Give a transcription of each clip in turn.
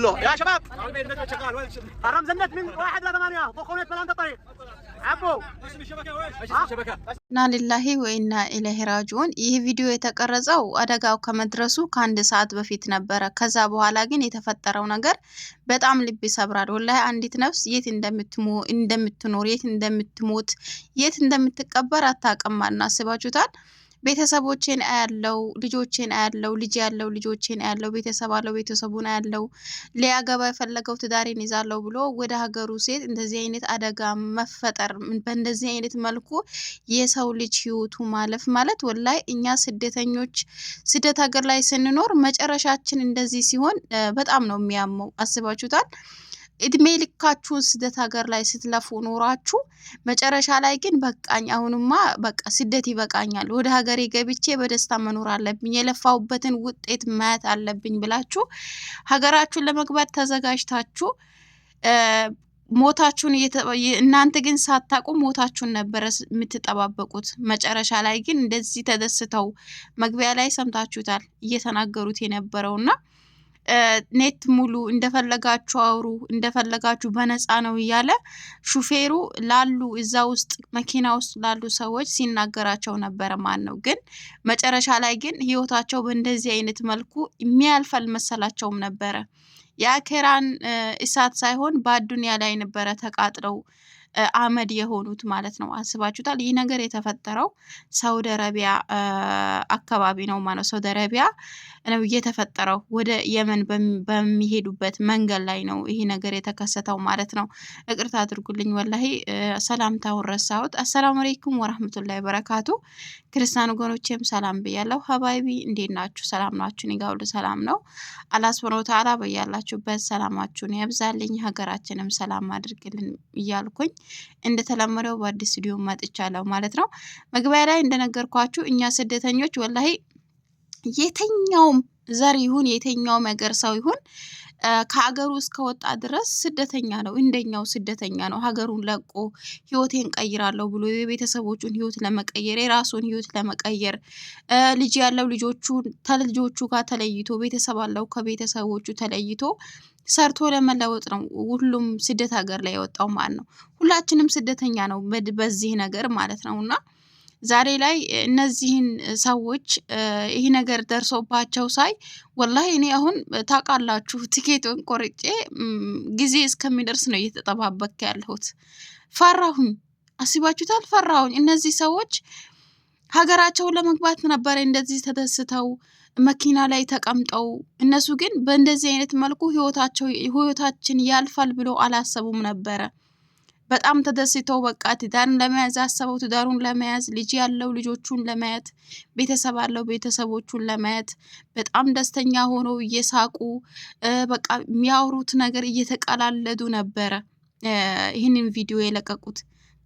بالله يا شباب حرام زنت من واحد لثمانية بخونة ملامة الطريق عبو اسم ሊላሂ ወኢና ኢለይሂ ራጂዑን። ይህ ቪዲዮ የተቀረጸው አደጋው ከመድረሱ ከአንድ ሰዓት በፊት ነበረ። ከዛ በኋላ ግን የተፈጠረው ነገር በጣም ልብ ይሰብራል። ወላሂ አንዲት ነፍስ የት እንደምትኖር የት እንደምትሞት የት እንደምትቀበር አታውቅም። አናስባችሁታል ቤተሰቦቼን አያለው፣ ልጆቼን አያለው፣ ልጅ ያለው ልጆቼን አያለው፣ ቤተሰብ አለው፣ ቤተሰቡን አያለው፣ ሊያገባ የፈለገው ትዳሬን ይዛለው ብሎ ወደ ሀገሩ ሴት እንደዚህ አይነት አደጋ መፈጠር በእንደዚህ አይነት መልኩ የሰው ልጅ ህይወቱ ማለፍ ማለት ወላይ እኛ ስደተኞች ስደት ሀገር ላይ ስንኖር መጨረሻችን እንደዚህ ሲሆን በጣም ነው የሚያመው። አስባችሁታል? እድሜ ልካችሁን ስደት ሀገር ላይ ስትለፉ ኖራችሁ መጨረሻ ላይ ግን በቃኝ፣ አሁንማ በቃ ስደት ይበቃኛል፣ ወደ ሀገሬ ገብቼ በደስታ መኖር አለብኝ፣ የለፋሁበትን ውጤት ማየት አለብኝ ብላችሁ ሀገራችሁን ለመግባት ተዘጋጅታችሁ ሞታችሁን እናንተ ግን ሳታቁ ሞታችሁን ነበረ የምትጠባበቁት። መጨረሻ ላይ ግን እንደዚህ ተደስተው መግቢያ ላይ ሰምታችሁታል እየተናገሩት የነበረውና ኔት ሙሉ እንደፈለጋችሁ አውሩ እንደፈለጋችሁ በነፃ ነው እያለ ሹፌሩ ላሉ እዛ ውስጥ መኪና ውስጥ ላሉ ሰዎች ሲናገራቸው ነበረ። ማን ነው ግን መጨረሻ ላይ ግን ህይወታቸው በእንደዚህ አይነት መልኩ የሚያልፍ አልመሰላቸውም ነበረ። የአኬራን እሳት ሳይሆን በአዱኒያ ላይ ነበረ ተቃጥለው አመድ የሆኑት ማለት ነው። አስባችሁታል? ይህ ነገር የተፈጠረው ሳውዲ አረቢያ አካባቢ ነው ማለት ነው። ሳውዲ አረቢያ ነው የተፈጠረው። ወደ የመን በሚሄዱበት መንገድ ላይ ነው ይህ ነገር የተከሰተው ማለት ነው። እቅርታ አድርጉልኝ፣ ወላሂ ሰላምታውን ረሳሁት። አሰላሙ አለይኩም ወራህመቱላሂ በረካቱ። ክርስቲያን ወገኖቼም ሰላም ብያለሁ። ሀባይቢ እንዴት ናችሁ? ሰላም ናችሁ? እኔ ጋር ሁሉ ሰላም ነው። አላህ ሱብሃነሁ ወተዓላ በያላችሁበት ሰላማችሁን ያብዛልኝ፣ ሀገራችንም ሰላም አድርግልን እያልኩኝ እንደተለመደው በአዲስ ስቱዲዮ መጥቻለሁ ማለት ነው። መግቢያ ላይ እንደነገርኳችሁ እኛ ስደተኞች ወላሂ የተኛውም ዘር ይሁን የተኛውም ሀገር ሰው ይሁን ከሀገሩ እስከወጣ ድረስ ስደተኛ ነው። እንደኛው ስደተኛ ነው። ሀገሩን ለቆ ህይወቴን ቀይራለሁ ብሎ የቤተሰቦቹን ህይወት ለመቀየር የራሱን ህይወት ለመቀየር ልጅ ያለው ልጆቹ ከልጆቹ ጋር ተለይቶ ቤተሰብ አለው ከቤተሰቦቹ ተለይቶ ሰርቶ ለመለወጥ ነው ሁሉም ስደት ሀገር ላይ የወጣው ማለት ነው። ሁላችንም ስደተኛ ነው በዚህ ነገር ማለት ነው እና ዛሬ ላይ እነዚህን ሰዎች ይሄ ነገር ደርሶባቸው ሳይ ወላሂ እኔ አሁን ታውቃላችሁ ትኬቱን ቆርጬ ጊዜ እስከሚደርስ ነው እየተጠባበክ ያለሁት። ፈራሁኝ፣ አስባችሁታል? ፈራሁኝ። እነዚህ ሰዎች ሀገራቸውን ለመግባት ነበረ እንደዚህ ተደስተው መኪና ላይ ተቀምጠው። እነሱ ግን በእንደዚህ አይነት መልኩ ህይወታቸው ህይወታችን ያልፋል ብሎ አላሰቡም ነበረ። በጣም ተደስቶ በቃ ትዳርን ለመያዝ ያሰበው ትዳሩን ለመያዝ ልጅ ያለው ልጆቹን ለማየት ቤተሰብ አለው ቤተሰቦቹን ለማየት በጣም ደስተኛ ሆነው እየሳቁ በቃ የሚያወሩት ነገር እየተቀላለዱ ነበረ ይህንን ቪዲዮ የለቀቁት።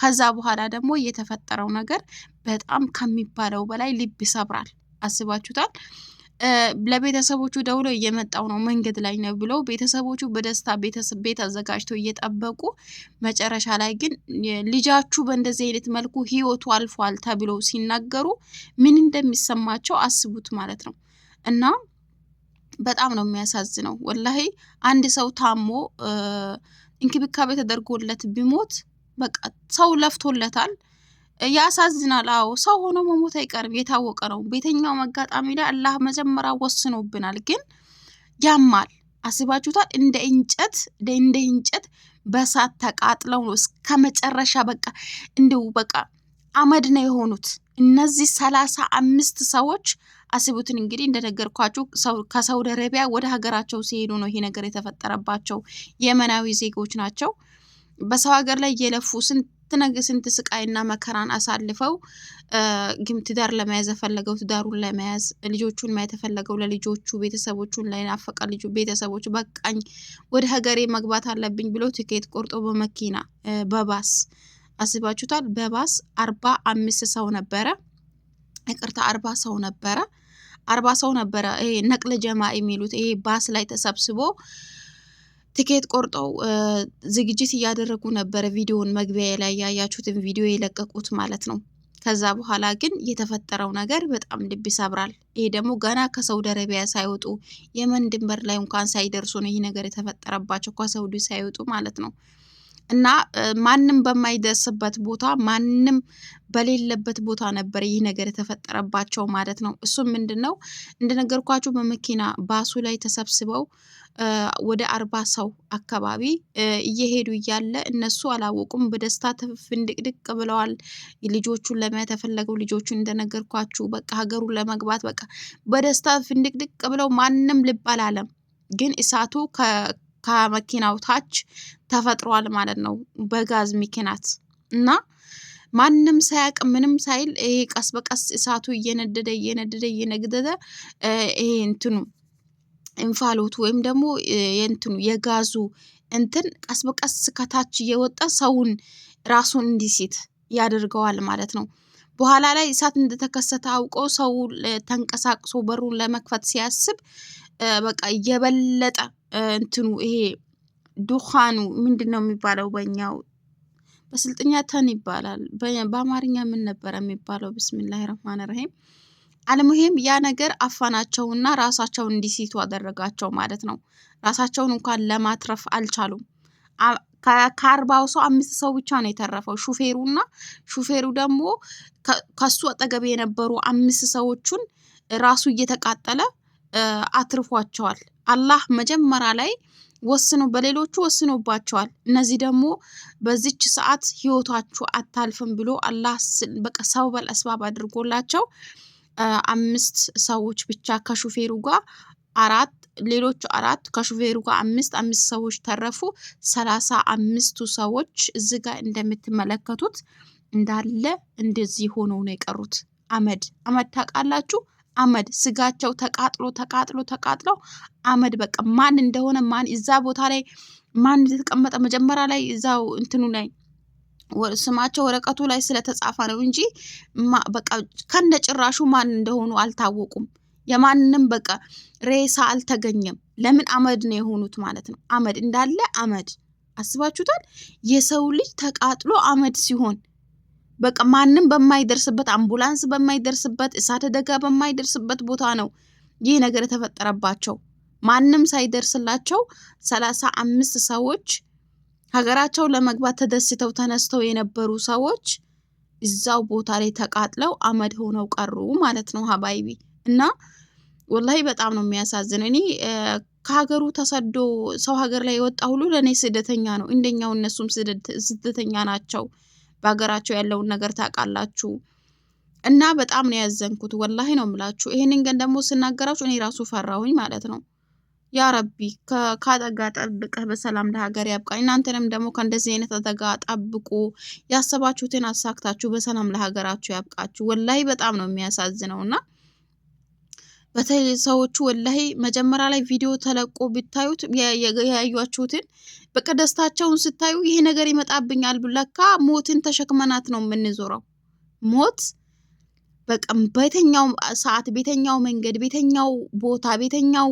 ከዛ በኋላ ደግሞ የተፈጠረው ነገር በጣም ከሚባለው በላይ ልብ ይሰብራል። አስባችሁታል? ለቤተሰቦቹ ደውሎ እየመጣው ነው መንገድ ላይ ነው ብለው ቤተሰቦቹ በደስታ ቤት አዘጋጅተው እየጠበቁ መጨረሻ ላይ ግን ልጃችሁ በእንደዚህ አይነት መልኩ ህይወቱ አልፏል ተብለው ሲናገሩ ምን እንደሚሰማቸው አስቡት ማለት ነው እና በጣም ነው የሚያሳዝነው። ወላሂ አንድ ሰው ታሞ እንክብካቤ ተደርጎለት ቢሞት በቃ ሰው ለፍቶለታል። ያሳዝናል። አዎ ሰው ሆኖ መሞት አይቀርም፣ የታወቀ ነው። ቤተኛው መጋጣሚ ላይ አላህ መጀመሪያ ወስኖብናል፣ ግን ያማል። አስባችሁታል? እንደ እንጨት እንደ እንጨት በሳት ተቃጥለው ነው እስከ መጨረሻ በቃ እንዲሁ በቃ አመድ ነው የሆኑት እነዚህ ሰላሳ አምስት ሰዎች አስቡትን እንግዲህ እንደነገርኳችሁ ከሳውዲ አረቢያ ወደ ሀገራቸው ሲሄዱ ነው ይሄ ነገር የተፈጠረባቸው። የመናዊ ዜጎች ናቸው። በሰው ሀገር ላይ የለፉ ስንት ስንት ስቃይና መከራን አሳልፈው ግም ትዳር ለመያዝ የፈለገው ትዳሩን ለመያዝ ልጆቹን ማየት የፈለገው ለልጆቹ ቤተሰቦቹን ላይ ናፈቀ ልጁ ቤተሰቦቹ በቃኝ ወደ ሀገሬ መግባት አለብኝ ብሎ ትኬት ቆርጦ በመኪና በባስ አስባችሁታል። በባስ አርባ አምስት ሰው ነበረ፣ ይቅርታ አርባ ሰው ነበረ፣ አርባ ሰው ነበረ። ይሄ ነቅለ ጀማ የሚሉት ይሄ ባስ ላይ ተሰብስቦ ትኬት ቆርጠው ዝግጅት እያደረጉ ነበረ። ቪዲዮውን መግቢያ ላይ ያያችሁትን ቪዲዮ የለቀቁት ማለት ነው። ከዛ በኋላ ግን የተፈጠረው ነገር በጣም ልብ ይሰብራል። ይሄ ደግሞ ገና ከሳውዲ አረቢያ ሳይወጡ የመን ድንበር ላይ እንኳን ሳይደርሱ ነው ይህ ነገር የተፈጠረባቸው ከሳውዲ ሳይወጡ ማለት ነው። እና ማንም በማይደርስበት ቦታ ማንም በሌለበት ቦታ ነበር ይህ ነገር የተፈጠረባቸው ማለት ነው። እሱም ምንድን ነው እንደነገርኳችሁ በመኪና ባሱ ላይ ተሰብስበው ወደ አርባ ሰው አካባቢ እየሄዱ እያለ እነሱ አላወቁም። በደስታ ፍንድቅድቅ ብለዋል። ልጆቹን ለማየት የፈለገው ልጆቹን እንደነገርኳችሁ በቃ ሀገሩ ለመግባት በቃ በደስታ ፍንድቅድቅ ብለው ማንም ልብ አላለም። ግን እሳቱ ከመኪናው ታች ተፈጥሯል ማለት ነው በጋዝ ምክንያት እና ማንም ሳያቅ ምንም ሳይል ይሄ ቀስ በቀስ እሳቱ እየነደደ እየነደደ እየነደደ ይሄ እንትኑ እንፋሎቱ ወይም ደግሞ የእንትኑ የጋዙ እንትን ቀስ በቀስ ከታች እየወጣ ሰውን ራሱን እንዲሲት ያደርገዋል ማለት ነው። በኋላ ላይ እሳት እንደተከሰተ አውቆ ሰው ተንቀሳቅሶ በሩን ለመክፈት ሲያስብ በቃ የበለጠ እንትኑ ይሄ ዱኻኑ ምንድን ነው የሚባለው? በኛው በስልጥኛ ተን ይባላል። በአማርኛ ምን ነበረ የሚባለው? ብስሚላህ ረህማን ረሂም አለሙሄም ያ ነገር አፋናቸውና ራሳቸውን እንዲሲቱ አደረጋቸው ማለት ነው። ራሳቸውን እንኳን ለማትረፍ አልቻሉም። ከአርባው ሰው አምስት ሰው ብቻ ነው የተረፈው፣ ሹፌሩና ሹፌሩ ደግሞ ከሱ አጠገብ የነበሩ አምስት ሰዎቹን ራሱ እየተቃጠለ አትርፏቸዋል። አላህ መጀመሪያ ላይ ወስኖ በሌሎቹ ወስኖባቸዋል። እነዚህ ደግሞ በዚች ሰዓት ህይወታችሁ አታልፍም ብሎ አላህ በቃ ሰበብ አስባብ አድርጎላቸው አምስት ሰዎች ብቻ ከሹፌሩ ጋር አራት ሌሎቹ አራት ከሹፌሩ ጋር አምስት አምስት ሰዎች ተረፉ። ሰላሳ አምስቱ ሰዎች እዚህ ጋር እንደምትመለከቱት እንዳለ እንደዚህ ሆነው ነው የቀሩት። አመድ አመድ ታውቃላችሁ? አመድ ስጋቸው ተቃጥሎ ተቃጥሎ ተቃጥሎ አመድ በቃ ማን እንደሆነ ማን እዛ ቦታ ላይ ማን እንደተቀመጠ መጀመሪያ ላይ እዛው እንትኑ ላይ ስማቸው ወረቀቱ ላይ ስለተጻፈ ነው እንጂ በቃ ከነ ጭራሹ ማን እንደሆኑ አልታወቁም። የማንንም በቃ ሬሳ አልተገኘም። ለምን አመድ ነው የሆኑት ማለት ነው። አመድ እንዳለ አመድ አስባችሁታል። የሰው ልጅ ተቃጥሎ አመድ ሲሆን በቃ ማንም በማይደርስበት አምቡላንስ በማይደርስበት እሳት አደጋ በማይደርስበት ቦታ ነው ይህ ነገር የተፈጠረባቸው። ማንም ሳይደርስላቸው ሰላሳ አምስት ሰዎች ሀገራቸው ለመግባት ተደስተው ተነስተው የነበሩ ሰዎች እዛው ቦታ ላይ ተቃጥለው አመድ ሆነው ቀሩ ማለት ነው ሀባይቢ እና ወላሂ በጣም ነው የሚያሳዝን። እኔ ከሀገሩ ተሰዶ ሰው ሀገር ላይ የወጣ ሁሉ ለእኔ ስደተኛ ነው። እንደኛው እነሱም ስደተኛ ናቸው። በሀገራቸው ያለውን ነገር ታውቃላችሁ። እና በጣም ነው ያዘንኩት፣ ወላሂ ነው የምላችሁ። ይሄንን ግን ደግሞ ስናገራችሁ እኔ ራሱ ፈራሁኝ ማለት ነው። ያ ረቢ ከአደጋ ጠብቀህ በሰላም ለሀገር ያብቃኝ። እናንተንም ደግሞ ከእንደዚህ አይነት አደጋ ጠብቆ ያሰባችሁትን አሳክታችሁ በሰላም ለሀገራችሁ ያብቃችሁ። ወላሂ በጣም ነው የሚያሳዝነውና በተለይ ሰዎቹ ወላሂ መጀመሪያ ላይ ቪዲዮ ተለቆ ቢታዩት ያዩችሁትን በቃ ደስታቸውን ስታዩ ይሄ ነገር ይመጣብኛል ብለካ ሞትን ተሸክመናት ነው የምንዞረው። ሞት በቃ በየትኛው ሰዓት፣ በየትኛው መንገድ፣ በየትኛው ቦታ፣ በየትኛው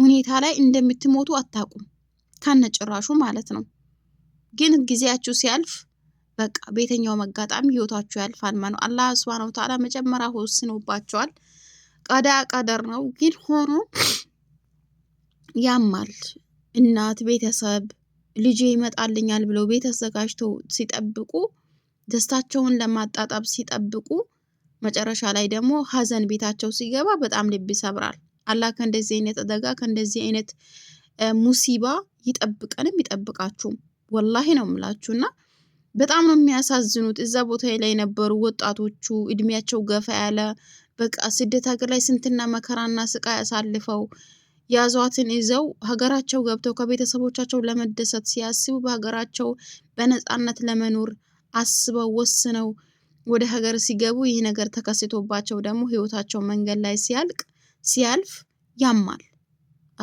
ሁኔታ ላይ እንደምትሞቱ አታውቁም ከነጭራሹ ማለት ነው። ግን ጊዜያችሁ ሲያልፍ በቃ በየትኛው መጋጣሚ ህይወታችሁ ያልፋል ማለት ነው። አላህ ሱብሃነሁ ወተዓላ መጀመሪያ ወስኖባቸዋል። ቀዳ ቀደር ነው ግን ሆኖ ያማል። እናት ቤተሰብ ልጄ ይመጣልኛል ብለው ቤት አዘጋጅተው ሲጠብቁ ደስታቸውን ለማጣጣብ ሲጠብቁ መጨረሻ ላይ ደግሞ ሀዘን ቤታቸው ሲገባ በጣም ልብ ይሰብራል። አላህ ከእንደዚህ አይነት አደጋ ከእንደዚህ አይነት ሙሲባ ይጠብቀንም ይጠብቃችሁም። ወላሂ ነው የምላችሁ በጣም ነው የሚያሳዝኑት። እዛ ቦታ ላይ የነበሩ ወጣቶቹ እድሜያቸው ገፋ ያለ በቃ ስደት ሀገር ላይ ስንትና መከራና ስቃይ አሳልፈው ያዟትን ይዘው ሀገራቸው ገብተው ከቤተሰቦቻቸው ለመደሰት ሲያስቡ በሀገራቸው በነፃነት ለመኖር አስበው ወስነው ወደ ሀገር ሲገቡ ይህ ነገር ተከስቶባቸው ደግሞ ህይወታቸው መንገድ ላይ ሲያልቅ ሲያልፍ ያማል።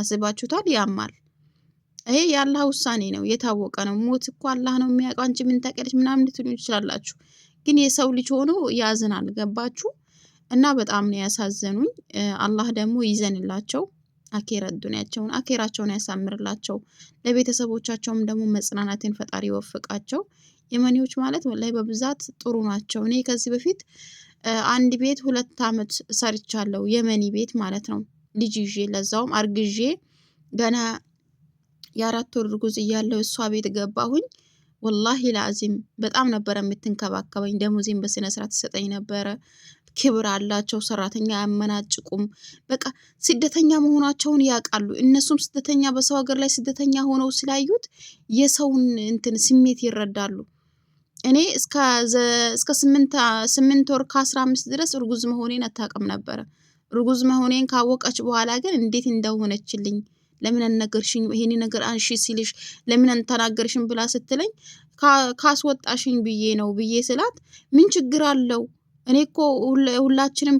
አስባችሁታል? ያማል። ይሄ የአላህ ውሳኔ ነው፣ የታወቀ ነው። ሞት እኮ አላህ ነው የሚያውቀው። አንቺ ምን ታውቂያለሽ ምናምን ልትሉ ይችላላችሁ፣ ግን የሰው ልጅ ሆኖ ያዝናል። ገባችሁ? እና በጣም ነው ያሳዘኑኝ። አላህ ደግሞ ይዘንላቸው አኬራ ዱንያቸውን አኬራቸውን ያሳምርላቸው ለቤተሰቦቻቸውም ደግሞ መጽናናትን ፈጣሪ ይወፍቃቸው። የመኔዎች ማለት ወላይ በብዛት ጥሩ ናቸው። እኔ ከዚህ በፊት አንድ ቤት ሁለት አመት ሰርቻለሁ። የመኒ ቤት ማለት ነው። ልጅ ይዤ ለዛውም አርግዤ ገና የአራት ወር እርጉዝ እያለሁ እሷ ቤት ገባሁኝ። ወላሂ ለአዚም በጣም ነበረ የምትንከባከበኝ። ደሞዜን በስነ ስርዓት ትሰጠኝ ነበረ። ክብር አላቸው። ሰራተኛ አያመናጭቁም። በቃ ስደተኛ መሆናቸውን ያውቃሉ። እነሱም ስደተኛ በሰው ሀገር ላይ ስደተኛ ሆነው ስላዩት የሰውን እንትን ስሜት ይረዳሉ። እኔ እስከ ስምንት ወር ከአስራ አምስት ድረስ እርጉዝ መሆኔን አታውቅም ነበረ። እርጉዝ መሆኔን ካወቀች በኋላ ግን እንዴት እንደሆነችልኝ ለምን አልነገርሽኝ? ይሄን ነገር አንሺ ሲልሽ ለምን አልተናገርሽም ብላ ስትለኝ ካስወጣሽኝ ብዬ ነው ብዬ ስላት ምን ችግር አለው እኔ እኮ ሁላችንም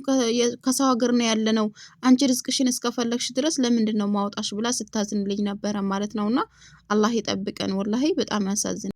ከሰው ሀገር ነው ያለነው፣ አንቺ ርዝቅሽን እስከፈለግሽ ድረስ ለምንድን ነው ማውጣሽ ብላ ስታዝንልኝ ነበረ ማለት ነው። እና አላህ ይጠብቀን። ወላሂ በጣም ያሳዝን